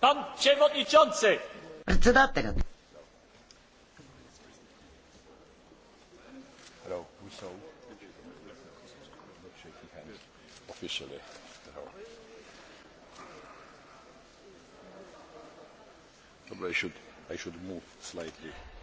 Пан Чеводничонце! Председателят. Officially. Probably I should, I should move slightly.